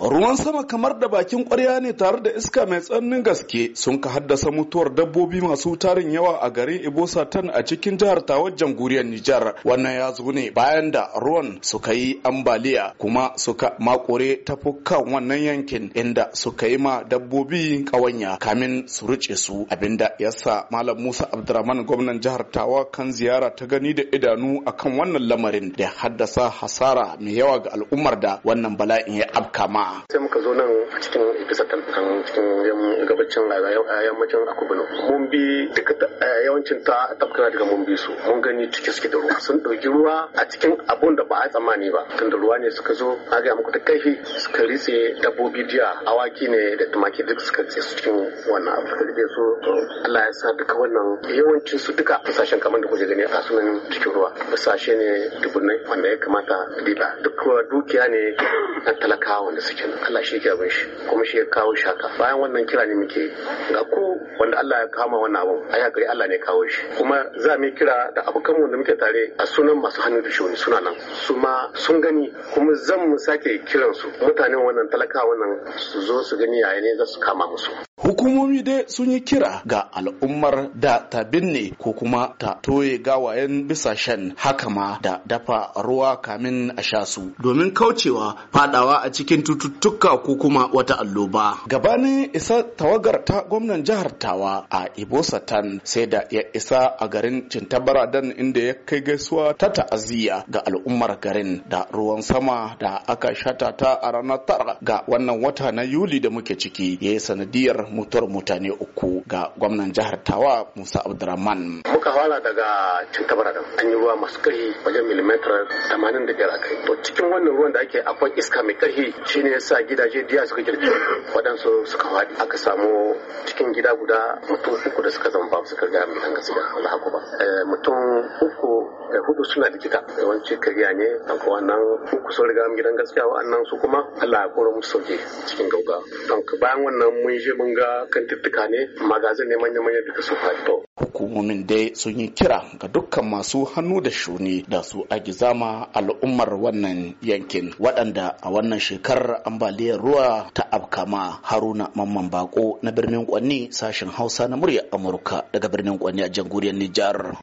Ruwan sama kamar da bakin ƙwarya ne tare da iska mai tsananin gaske sun ka haddasa mutuwar dabbobi masu tarin yawa a garin Ibosa tan a cikin jihar Tawar jamhuriyar Nijar. Wannan ya zo ne bayan da ruwan suka yi ambaliya kuma suka makure tafukan wannan yankin inda suka yi ma dabbobi kawanya kamin su rice su abinda ya sa Malam Musa Abdulrahman, gwamnan jihar Tawa kan ziyara ta gani da idanu akan wannan lamarin da haddasa hasara mai yawa ga al'ummar da wannan bala'in ya ma sai muka zo nan a cikin bisa tantan cikin gabacin yammacin akubino mun bi duka yawancin ta tafkana daga mun bi su mun gani cikin suke da ruwa sun ɗauki ruwa a cikin abun da ba a tsammani ba tunda ruwa ne suka zo a ga muku da kaifi suka ritse dabbobi jiya awaki ne da tumaki duk suka tsaye su cikin wannan abu suka rike su Allah ya sa duka wannan yawancin su duka fasashen kamar da kuke gani a sunan cikin ruwa fasashe ne dubunai wanda ya kamata diba duk dukiya ne na talakawa wanda suke cikin Allah shi ke abin shi kuma shi ya kawo shaka bayan wannan kira ne muke ga ko wanda Allah ya kama wannan abu ai hakuri Allah ne kawo shi kuma za mu kira da abokan mu da muke tare a sunan masu hannu da shuni suna nan su ma sun gani kuma zan mu sake kiran su mutanen wannan talaka wannan su zo su gani yayin ne za su kama musu hukumomi dai sun yi kira ga al'ummar da ta binne ko kuma ta toye gawayen bisashen haka ma da dafa ruwa kamin a sha su domin kaucewa fadawa a cikin tutu cututtuka ko kuma wata alloba. Gabanin isa tawagar ta gwamnan jihar Tawa a Satan sai da ya isa a garin dan inda ya kai gaisuwa ta ta'aziyya ga al'ummar garin da ruwan sama da aka shata ta a ranar tara ga wannan wata na Yuli da muke ciki ya yi sanadiyar mutuwar mutane uku ga gwamnan jihar Tawa Musa Abdurrahman. Muka fara daga dan an yi ruwa masu ƙarfi wajen milimetar 85 a kai. To cikin wannan ruwan da ake akwai iska mai ƙarfi shine ya sa gidaje diya suka girki waɗansu suka faɗi aka samu cikin gida guda mutum uku da suka zama babu suka ga mai hanga siga Allah haku ba eh, mutum uku da eh, hudu suna da gida yawanci kariya ne an ko wannan uku sun riga gidan gaskiya wa'annan su kuma Allah ya kora musu sauki cikin gauga don bayan wannan mun je mun ga kan kantuttuka ne magazin ne manya-manya duka su faɗi to hukumomin dai sun yi kira ga dukkan masu hannu da shuni da su agizama al'ummar wannan yankin waɗanda a wannan shekarar ambaliyar ruwa ta ma haruna mamman bako na birnin kwanni sashen hausa na murya amurka daga birnin kwanni a jamhuriyar nijar